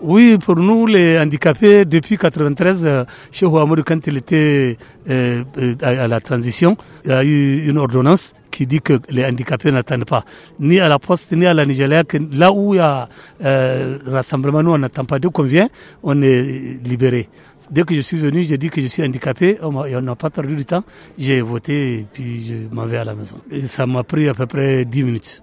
Oui, pour nous, les handicapés, depuis 93, chez Ouamour, quand il était euh, euh, à la transition, il y a eu une ordonnance qui dit que les handicapés n'attendent pas, ni à la poste, ni à la Nigéria. Que là où il y a euh, rassemblement, nous, on n'attend pas. Dès qu'on vient, on est libéré. Dès que je suis venu, j'ai dit que je suis handicapé, on n'a pas perdu du temps. J'ai voté, et puis je m'en vais à la maison. Et ça m'a pris à peu près 10 minutes.